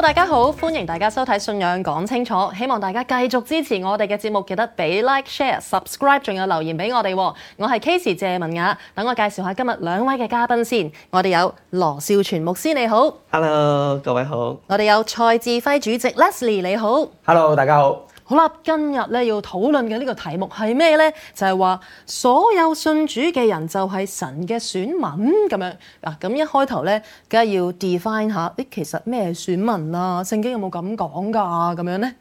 大家好，歡迎大家收睇《信仰講清楚》，希望大家繼續支持我哋嘅節目，記得俾 like、share、subscribe，仲有留言俾我哋。我係 Casey 謝文雅，等我介紹下今日兩位嘅嘉賓先。我哋有羅少全牧師，你好，Hello，各位好。我哋有蔡志輝主席，Leslie 你好，Hello，大家好。好啦，今日咧，要討論嘅呢個題目係咩咧？就係、是、話所有信主嘅人就係神嘅選民咁樣。嗱，咁一開頭咧，梗係要 define 下，誒、欸，其實咩選民啊？聖經有冇咁講噶？咁樣咧？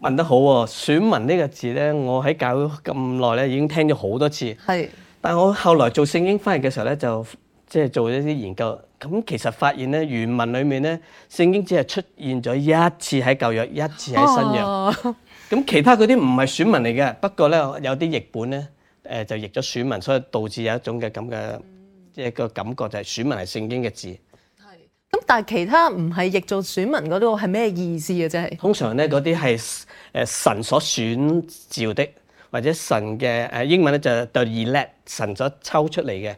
問 得好喎。哦，選民呢個字咧，我喺教會咁耐咧，已經聽咗好多次。係，但我後來做聖經翻譯嘅時候咧，就即係做咗一啲研究。咁其實發現咧，原文裏面咧，聖經只係出現咗一次喺舊約，一次喺新約。咁、啊、其他嗰啲唔係選民嚟嘅，不過咧，有啲譯本咧，誒就譯咗選民，所以導致有一種嘅咁嘅一個感覺，就係選民係聖經嘅字。係。咁但係其他唔係譯做選民嗰度係咩意思啊？即係通常咧嗰啲係誒神所選召的，或者神嘅誒英文咧就就 elect 神所抽出嚟嘅。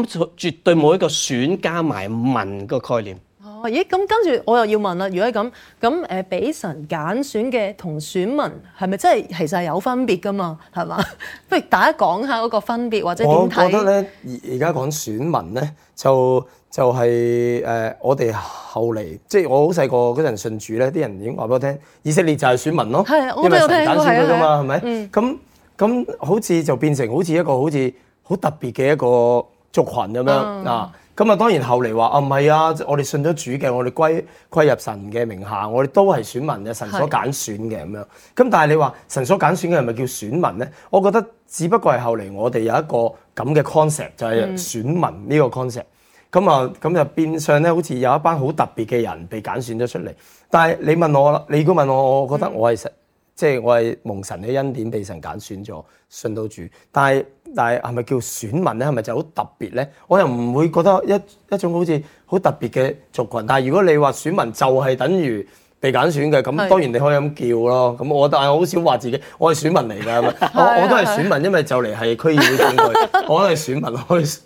咁絕對冇一個選加埋民個概念。哦，咦？咁跟住我又要問啦。如果係咁，咁誒俾神揀選嘅同選民係咪真係其實係有分別噶嘛？係嘛？不如大家講下嗰個分別或者點睇？我覺得咧，而而家講選民咧，就就係、係呃、我哋後嚟，即係我好細個嗰陣信主咧，啲人已經話俾我聽，以色列就係選民咯。係、啊，我就係揀選佢噶嘛，係咪、啊？咁咁、啊嗯、好似就變成好似一個好似好特別嘅一個。族群咁樣啊，咁、嗯、啊，當然後嚟話啊，唔係啊，我哋信咗主嘅，我哋歸歸入神嘅名下，我哋都係選民嘅，神所揀選嘅咁樣。咁但係你話神所揀選嘅人係咪叫選民咧？我覺得只不過係後嚟我哋有一個咁嘅 concept，就係、是、選民呢個 concept。咁、嗯、啊，咁就變相咧，好似有一班好特別嘅人被揀選咗出嚟。但係你問我啦，你如果問我，我覺得我係神，即、嗯、係、就是、我係蒙神嘅恩典被神揀選咗，信到主。但係但係係咪叫選民咧？係咪就好特別咧？我又唔會覺得一一種好似好特別嘅族群。但係如果你話選民就係等於被揀選嘅，咁當然你可以咁叫咯。咁我但係好少話自己我係選民嚟㗎。 我我都係選民，因為就嚟係區議會選舉， 我都係選民。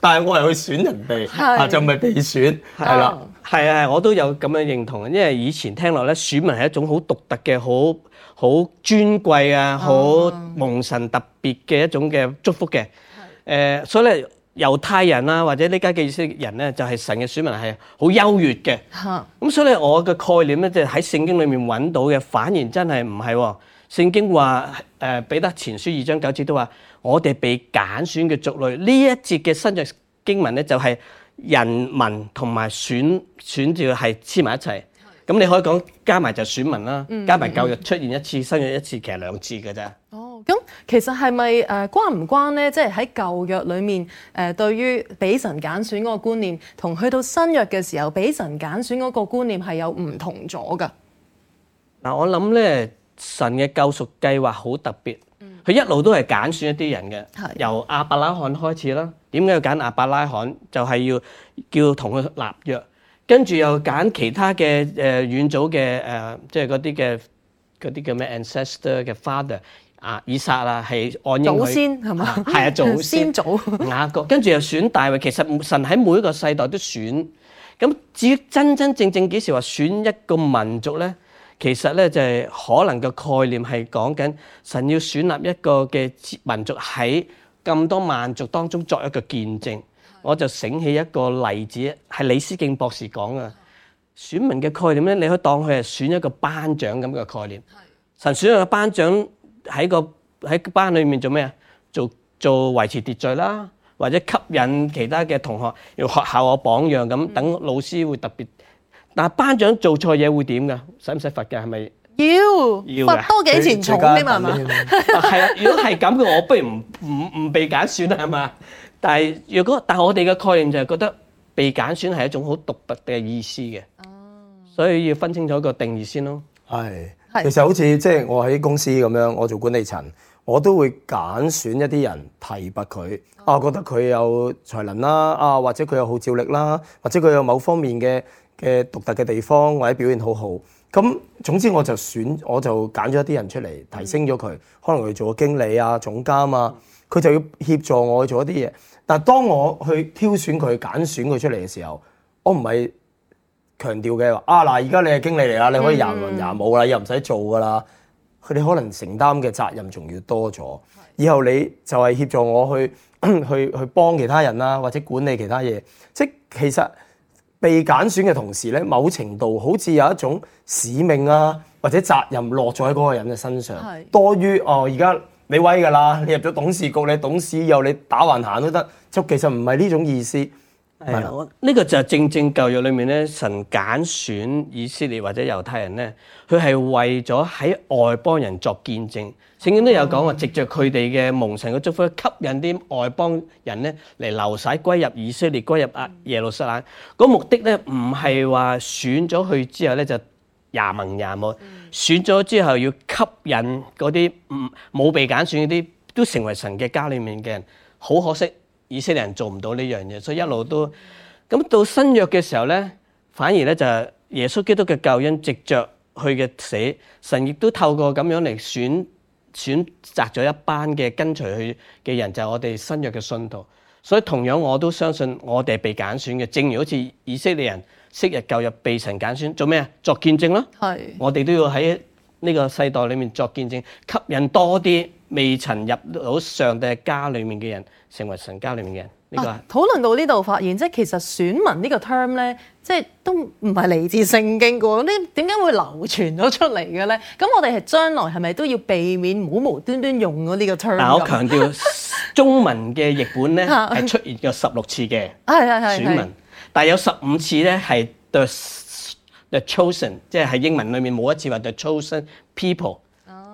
但係我係去選人哋、啊，就唔係被選，係啦。Oh. 係啊，我都有咁樣認同，因為以前聽落咧，選民係一種好獨特嘅、好好尊貴啊、好蒙神特別嘅一種嘅祝福嘅。誒、哦呃，所以咧猶太人啊，或者呢家嘅意色人咧，就係、是、神嘅選民係好優越嘅。咁、哦、所以咧，我嘅概念咧，即係喺聖經裏面揾到嘅，反而真係唔係。聖經話誒彼得前書二章九節都話：我哋被揀選嘅族類，呢一節嘅新約經文咧就係、是。人民同埋選選召係黐埋一齊，咁你可以講加埋就選民啦。加埋舊約出現一次，新約一次，其實兩次嘅啫。哦、嗯，咁、嗯嗯、其實係咪誒關唔關咧？即係喺舊約裡面誒，對於俾神揀選嗰個觀念，同去到新約嘅時候俾神揀選嗰個觀念係有唔同咗㗎？嗱、嗯，我諗咧，神嘅救贖計劃好特別。佢一路都係揀選，選一啲人嘅，由亞伯拉罕開始啦。點解要揀亞伯拉罕？就係、是、要叫同佢立約，跟住又揀其他嘅誒遠祖嘅誒，即係嗰啲嘅嗰啲叫咩 ancestor 嘅 father 啊，以撒啦，係按應祖先係嘛？係啊，祖先，祖，先，先祖。雅各，跟住又選大衞。其實神喺每一個世代都選，咁至於真真正正幾時話選一個民族咧？其實咧就係可能個概念係講緊神要選立一個嘅民族喺咁多萬族當中作一個見證，我就醒起一個例子，係李思敬博士講啊。選民嘅概念咧，你可以當佢係選一個班長咁嘅概念。神選咗一個班長喺個喺班裏面做咩啊？做做維持秩序啦，或者吸引其他嘅同學要學效我榜樣咁，等老師會特別。但係班長做錯嘢會點噶？使唔使罰嘅？係咪要？要？要罰多幾錢重啲嘛？係 啊！如果係咁嘅，我不如唔唔唔被揀選係嘛？但係如果但係我哋嘅概念就係覺得被揀選係一種好獨特嘅意思嘅、哦，所以要分清楚一個定義先咯。係，其實好似即係我喺公司咁樣，我做管理層，我都會揀選一啲人提拔佢。啊、哦，覺得佢有才能啦，啊或者佢有號召力啦，或者佢有某方面嘅嘅獨特嘅地方或者表現好好，咁總之我就選我就揀咗一啲人出嚟提升咗佢，可能佢做個經理啊總監啊，佢就要協助我去做一啲嘢。但當我去挑選佢揀選佢出嚟嘅時候，我唔係強調嘅話啊嗱，而家你係經理嚟啦，你可以廿輪廿舞啦，又唔使做噶啦，佢哋可能承擔嘅責任仲要多咗。以後你就係協助我去 去去幫其他人啦、啊，或者管理其他嘢。即其實。被揀選嘅同時呢，某程度好似有一種使命啊，或者責任落在喺嗰個人嘅身上，多於哦，而家你威㗎啦，你入咗董事局，你董事以後你打橫行，行都得，就其實唔係呢種意思。係呢、這個就正正舊約裏面咧，神揀選，選以色列或者猶太人咧，佢係為咗喺外邦人作見證。聖經都有講話，藉着佢哋嘅蒙神嘅祝福，吸引啲外邦人咧嚟流徙歸入以色列，歸入阿耶路撒冷。嗯，那個目的咧，唔係話選咗去之後咧就廿盟廿冇、嗯，選咗之後要吸引嗰啲唔冇被揀選嗰啲都成為神嘅家裏面嘅人。好可惜。以色列人做唔到呢樣嘢，所以一路都咁到新約嘅時候咧，反而咧就係耶穌基督嘅救恩，藉着佢嘅死，神亦都透過咁樣嚟選選擇咗一班嘅跟隨佢嘅人，就係、是、我哋新約嘅信徒。所以同樣我都相信我哋係被揀選嘅，正如好似以色列人昔日舊約被神揀選做咩啊？作見證咯，我哋都要喺。呢、這個世代裏面作見證，吸引多啲未曾入到上帝家裏面嘅人成為神家裏面嘅人。呢、這個係、討論、啊、到呢度發現，即係其實選民呢個 term 咧，即係都唔係嚟自聖經嘅喎。呢，點解會流傳咗出嚟嘅咧？咁我哋係將來係咪都要避免唔好無端端用嗰呢個 term？嗱，我強調中文嘅譯本咧係 出現咗十六次嘅選民， 啊啊、但係有十五次咧係 t The chosen，即係喺英文裏面冇一次話 the chosen people，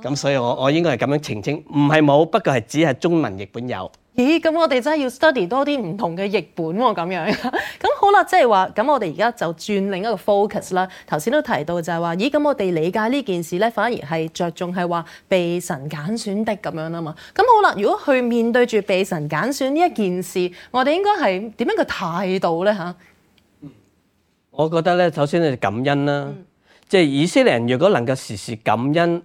咁、oh. 所以我我應該係咁樣澄清，唔係冇，不過係只係中文譯本有。咦？咁我哋真係要 study 多啲唔同嘅譯本喎、哦，咁樣。咁 好啦，即係話，咁我哋而家就轉另一個 focus 啦。頭先都提到就係話，咦？咁我哋理解呢件事咧，反而係着重係話被神揀選的咁樣啊嘛。咁好啦，如果去面對住被神揀選呢一件事，我哋應該係點樣嘅態度咧？嚇？我覺得咧，首先你感恩啦、嗯，即係以色列人，如果能夠時時感恩，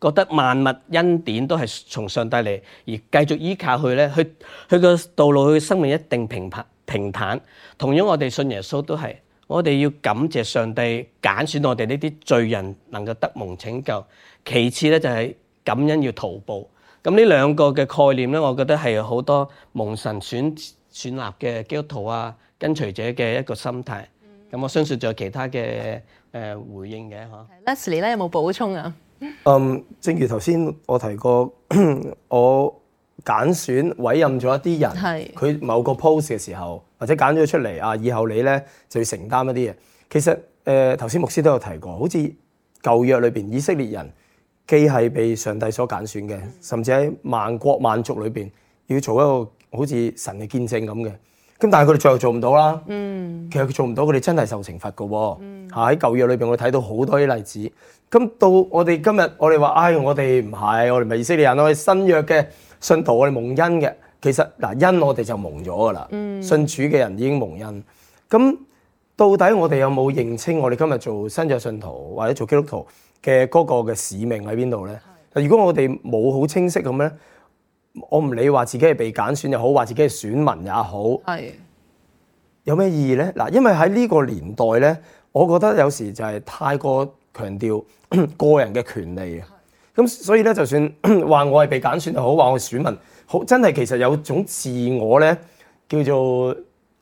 覺得萬物恩典都係從上帝嚟，而繼續依靠佢咧，佢佢個道路佢生命一定平平平坦。同樣我哋信耶穌都係，我哋要感謝上帝揀選我哋呢啲罪人能夠得蒙拯救。其次咧就係感恩要徒步。咁呢兩個嘅概念咧，我覺得係好多蒙神選選立嘅基督徒啊跟隨者嘅一個心態。咁我相信仲有其他嘅誒回應嘅嚇。Leslie 咧有冇補充啊？嗯，正如頭先我提過， 我揀選委任咗一啲人，係佢某個 post 嘅時候，或者揀咗出嚟啊，以後你咧就要承擔一啲嘢。其實誒頭先牧師都有提過，好似舊約裏面以色列人既係被上帝所揀選嘅，甚至喺萬國萬族裏面要做一個好似神嘅見證咁嘅。咁但係佢哋最後做唔到啦、嗯。其實佢做唔到，佢哋真係受懲罰㗎喎。喺舊約裏面，我哋睇到好多啲例子。咁到我哋今日，我哋話唉，我哋唔係，我哋唔係以色列人，我哋新約嘅信徒，我哋蒙恩嘅。其實嗱，恩我哋就蒙咗噶啦。信主嘅人已經蒙恩。咁、嗯、到底我哋有冇認清我哋今日做新約信徒或者做基督徒嘅嗰個嘅使命喺邊度咧？如果我哋冇好清晰咁咧？我唔理話自己係被揀選又好，話自己係選民也好，係有咩意義咧？嗱，因為喺呢個年代咧，我覺得有時就係太過強調個人嘅權利啊。咁所以咧，就算話我係被揀選又好，話我是選民好，真係其實有種自我咧，叫做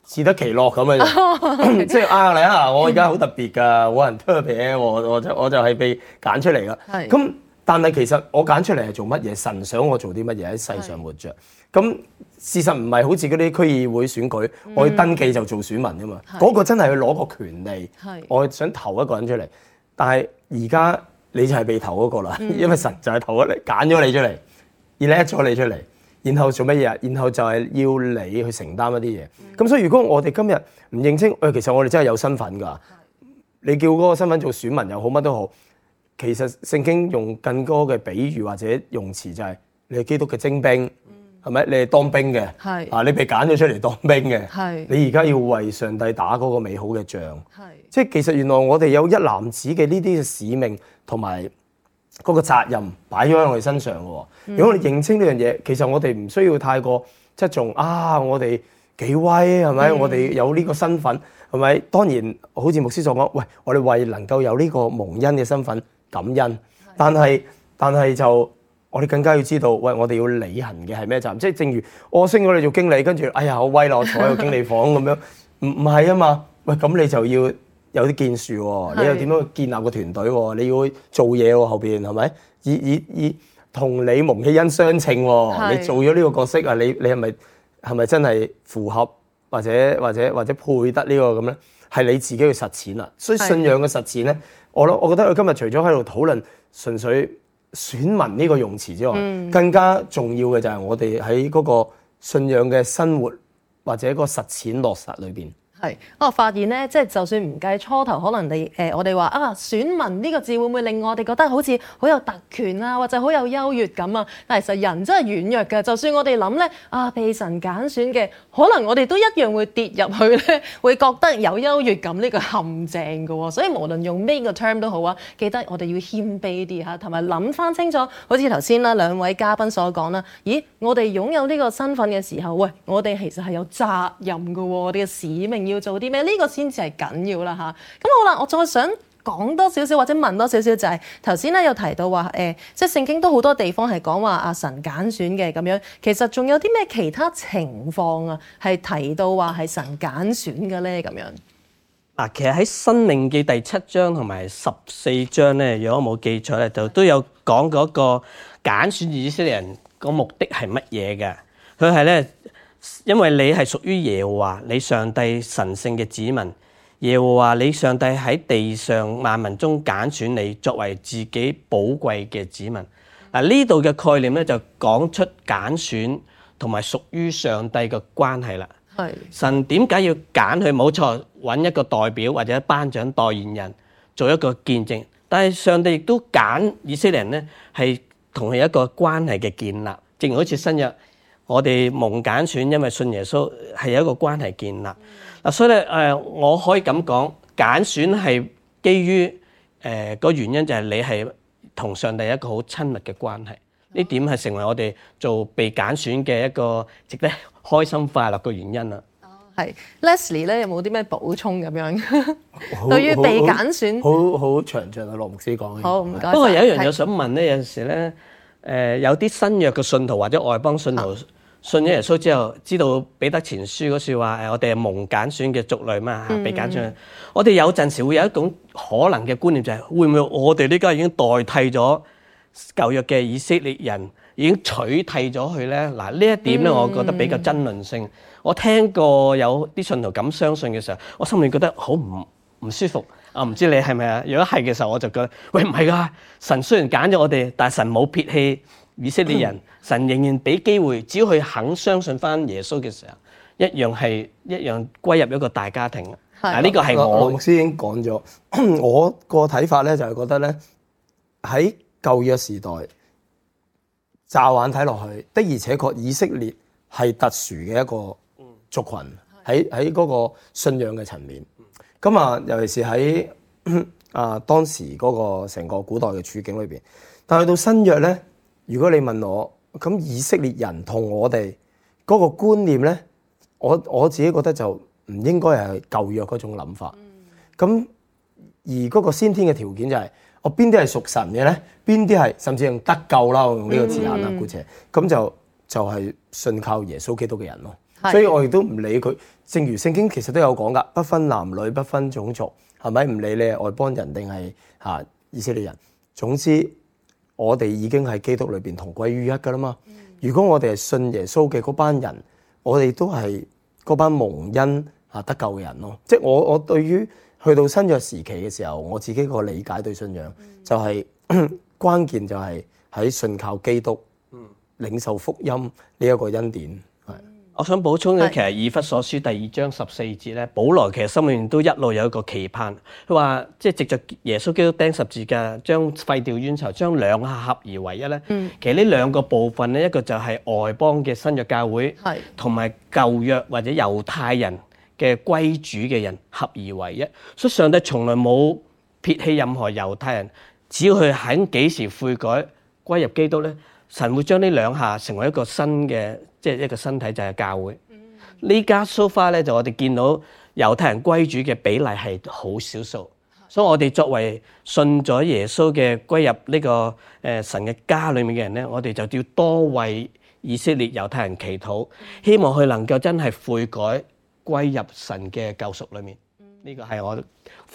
自得其樂咁 啊！即係啊你啊，我而家好特別噶， 冇人特別，我我就我就係被揀出嚟噶。係咁。但係其實我揀出嚟係做乜嘢？神想我做啲乜嘢喺世上活着。咁事實唔係好似嗰啲區議會選舉，嗯、我去登記就做選民噶嘛？嗰、嗰個真係去攞個權利，我想投一個人出嚟。但係而家你就係被投嗰個啦、嗯，因為神就係投咗你，揀咗你出嚟，elect 咗你出嚟，然後做乜嘢？然後就係要你去承擔一啲嘢。咁、嗯、所以如果我哋今日唔認清，誒、哎、其實我哋真係有身份㗎，你叫嗰個身份做選民又好，乜都好。其實聖經用更多嘅比喻或者用詞就係你係基督嘅精兵，係、嗯、咪？你係當兵嘅，啊，你被揀咗出嚟當兵嘅，你而家要為上帝打嗰個美好嘅仗，即係、就是、其實原來我哋有一男子嘅呢啲嘅使命同埋嗰個責任擺咗喺我哋身上嘅、嗯。如果我哋認清呢樣嘢，其實我哋唔需要太過側重啊，我哋幾威係咪、嗯？我哋有呢個身份係咪？當然，好似牧師所講，喂，我哋為能夠有呢個蒙恩嘅身份感恩，但係但係就我哋更加要知道，喂，我哋要履行嘅係咩責任？即、就、係、是、正如我升咗你做經理，跟住哎呀，我威咯，我坐喺個經理房咁樣，唔唔係啊嘛？喂，咁你就要有啲建樹喎，你又點樣去建立個團隊喎、哦？你要做嘢喎、哦，後邊係咪？以以以同你蒙希恩相稱喎、哦，你做咗呢個角色啊？你你係咪係咪真係符合或者或者或者配得這個呢個咁咧？係你自己去實踐啦。所以信仰嘅實踐咧。我諗，我覺得佢今日除咗喺度討論純粹選民呢個用詞之外，嗯、更加重要嘅就係我哋喺嗰個信仰嘅生活或者個實踐落實裏邊。係，我發現咧，即係就算唔計初頭，可能你、呃、我哋話啊選民呢個字會唔會令我哋覺得好似好有特權啊，或者好有優越感啊？但係其實人真係軟弱嘅，就算我哋諗咧啊被神揀選嘅，可能我哋都一樣會跌入去咧，會覺得有優越感呢個陷阱喎。所以無論用咩個 term 都好啊，記得我哋要謙卑啲嚇，同埋諗翻清楚，好似頭先啦兩位嘉賓所講啦，咦我哋擁有呢個身份嘅時候，喂我哋其實係有責任喎，我哋嘅使命。要做啲咩？呢、這個先至係緊要啦，吓咁好啦。我再想講多少少或者問多少少、就是，就係頭先咧有提到話誒，即係聖經都好多地方係講話阿神揀選嘅咁樣。其實仲有啲咩其他情況啊？係提到話係神揀選嘅咧？咁樣嗱，其實喺《申命記》第七章同埋十四章咧，如果冇記錯咧，就都有講嗰個揀選以色列人個目的係乜嘢嘅？佢係咧。因為你係屬於耶和華，你上帝神聖嘅子民。耶和華你上帝喺地上萬民中揀選你，作為自己寶貴嘅子民。嗱，呢度嘅概念咧就講出揀選同埋屬於上帝嘅關係啦。係神點解要揀佢？冇錯，揾一個代表或者班長代言人做一個見證。但係上帝亦都揀以色列人咧，係同佢一個關係嘅建立，正如好似新約。我哋蒙揀選，因為信耶穌係有一個關係建立。嗱，所以咧，誒，我可以咁講，揀選係基於誒個原因，就係你係同上帝一個好親密嘅關係。呢點係成為我哋做被揀選嘅一個值得開心快樂嘅原因啊、嗯、哦，係。Leslie 咧有冇啲咩補充咁樣？對 於被揀選，好好詳盡啊！羅牧師講。好，唔該。不過有一樣嘢想問咧，有陣時咧，誒有啲新約嘅信徒或者外邦信徒。信咗耶穌之後，知道彼得前書嗰説話，誒，我哋係蒙揀選嘅族類嘛，被揀選、嗯。我哋有陣時會有一種可能嘅觀念就係、是，會唔會我哋呢家已經代替咗舊約嘅以色列人，已經取替咗佢咧？嗱、啊，呢一點咧，我覺得比較爭論性。嗯、我聽過有啲信徒咁相信嘅時候，我心裏覺得好唔唔舒服。啊，唔知你係咪啊？如果係嘅時候，我就覺得，喂，唔係噶，神雖然揀咗我哋，但係神冇撇棄。以色列人，神仍然俾機會，只要佢肯相信翻耶穌嘅時候，一樣係一樣歸入一個大家庭。係啊，呢個係我先講咗我個睇法咧，就係覺得咧喺舊約時代乍眼睇落去，的而且確以色列係特殊嘅一個族群，喺喺嗰個信仰嘅層面。咁啊，尤其是喺啊當時嗰個成個古代嘅處境裏邊，但係到新約咧。如果你問我，咁以色列人同我哋嗰個觀念咧，我我自己覺得就唔應該係舊約嗰種諗法。咁、嗯、而嗰個先天嘅條件就係、是、我邊啲係屬神嘅咧，邊啲係甚至用得救啦，我用呢個字眼啦，姑且咁就就係、是、信靠耶穌基督嘅人咯。所以我亦都唔理佢。正如聖經其實都有講㗎，不分男女，不分種族，係咪唔理你係外邦人定係嚇以色列人，總之。我哋已經喺基督裏面同歸於一㗎啦嘛。如果我哋係信耶穌嘅嗰班人，我哋都係嗰班蒙恩得救嘅人咯。即係我我對於去到新約時期嘅時候，我自己個理解對信仰就係、是嗯、關鍵就係喺信靠基督、領受福音呢一個恩典。我想補充嘅其實以弗所書第二章十四節咧，保羅其實心裏面都一路有一個期盼，佢話即係藉著耶穌基督釘十字架，將廢掉冤仇，將兩下合而為一咧、嗯。其實呢兩個部分咧，一個就係外邦嘅新約教會，同埋舊約或者猶太人嘅歸主嘅人合而為一。所以上帝從來冇撇棄任何猶太人，只要佢肯幾時悔改歸入基督咧，神會將呢兩下成為一個新嘅。即係一個身體就係教會。呢家 so far 咧，就我哋見到猶太人歸主嘅比例係好少數，所以我哋作為信咗耶穌嘅歸入呢個神嘅家裏面嘅人咧，我哋就要多為以色列猶太人祈禱，希望佢能夠真係悔改歸入神嘅救贖裏面。呢個係我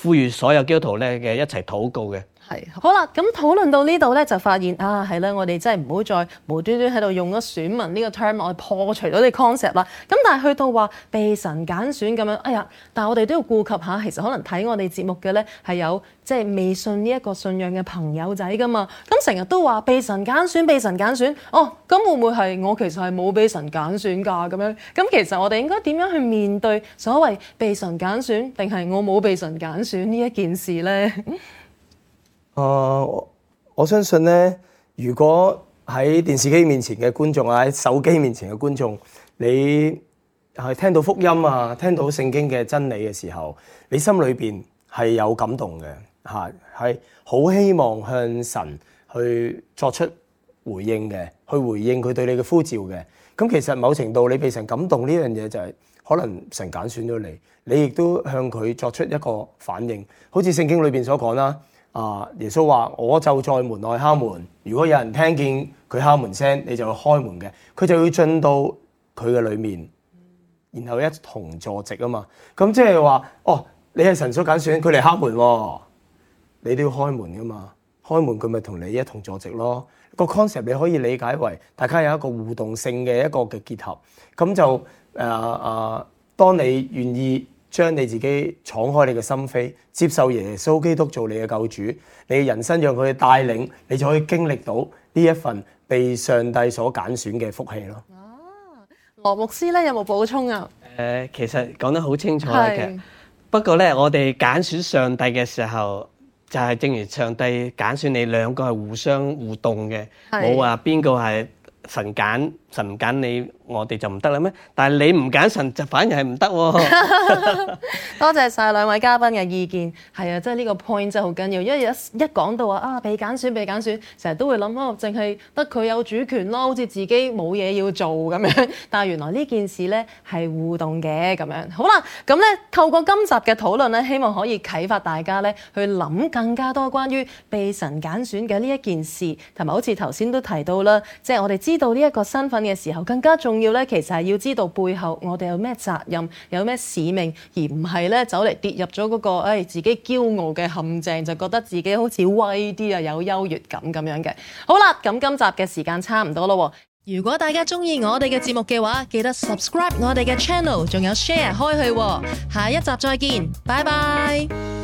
呼籲所有基督徒咧嘅一齊禱告嘅。係，好啦，咁討論到呢度咧，就發現啊，係啦，我哋真係唔好再無端端喺度用咗選民呢個 term，我破除咗啲 concept 啦。咁但係去到話被神揀選咁樣，哎呀！但係我哋都要顧及下，其實可能睇我哋節目嘅咧係有即係、就是、未信呢一個信仰嘅朋友仔噶嘛。咁成日都話被神揀選，被神揀選。哦，咁會唔會係我其實係冇被神揀選㗎？咁樣咁其實我哋應該點樣去面對所謂被神揀選定係我冇被神揀選呢一件事咧？呃、我，我相信咧，如果喺電視機面前嘅觀眾啊，喺手機面前嘅觀眾，你係聽到福音啊，聽到聖經嘅真理嘅時候，你心裏邊係有感動嘅，吓係好希望向神去作出回應嘅，去回應佢對你嘅呼召嘅。咁其實某程度你被神感動呢樣嘢，就係可能神揀選咗你，你亦都向佢作出一個反應，好似聖經裏邊所講啦。啊！耶穌話：我就在門內敲門，如果有人聽見佢敲門聲，你就要開門嘅，佢就要進到佢嘅裡面，然後一同坐席啊嘛。咁即係話，哦，你係神所揀選，佢嚟敲門、啊，你都要開門噶嘛，開門佢咪同你一同坐席咯。個 concept 你可以理解為大家有一個互動性嘅一個嘅結合，咁就啊啊、呃呃，當你願意，將你自己敞開你嘅心扉，接受耶穌基督做你嘅救主，你嘅人生讓佢帶領，你就可以經歷到呢一份被上帝所揀選嘅福氣咯。啊，羅牧師咧，有冇補充啊？誒、呃，其實講得好清楚嘅，不過咧我哋揀選上帝嘅時候，就係、是、正如上帝揀選你，兩個係互相互動嘅，冇話邊個係。神揀神唔揀你，我哋就唔得啦咩？但係你唔揀神，就反而係唔得喎。多謝晒兩位嘉賓嘅意見，係啊，即係呢個 point 真係好緊要。因為一一講到話啊被揀選被揀選，成日都會諗咯，淨係得佢有主權咯，好似自己冇嘢要做咁樣。但係原來呢件事咧係互動嘅咁樣。好啦，咁咧透過今集嘅討論咧，希望可以啟發大家咧去諗更加多關於被神揀選嘅呢一件事，同埋好似頭先都提到啦，即係我哋知。知道呢一個身份嘅時候，更加重要咧，其實係要知道背後我哋有咩責任，有咩使命，而唔係咧走嚟跌入咗嗰個，誒，自己驕傲嘅陷阱，就覺得自己好似威啲啊，有優越感咁樣嘅。好啦，咁今集嘅時間差唔多咯。如果大家中意我哋嘅節目嘅話，記得 subscribe 我哋嘅 channel，仲有 share 開去。下一集再見，拜拜。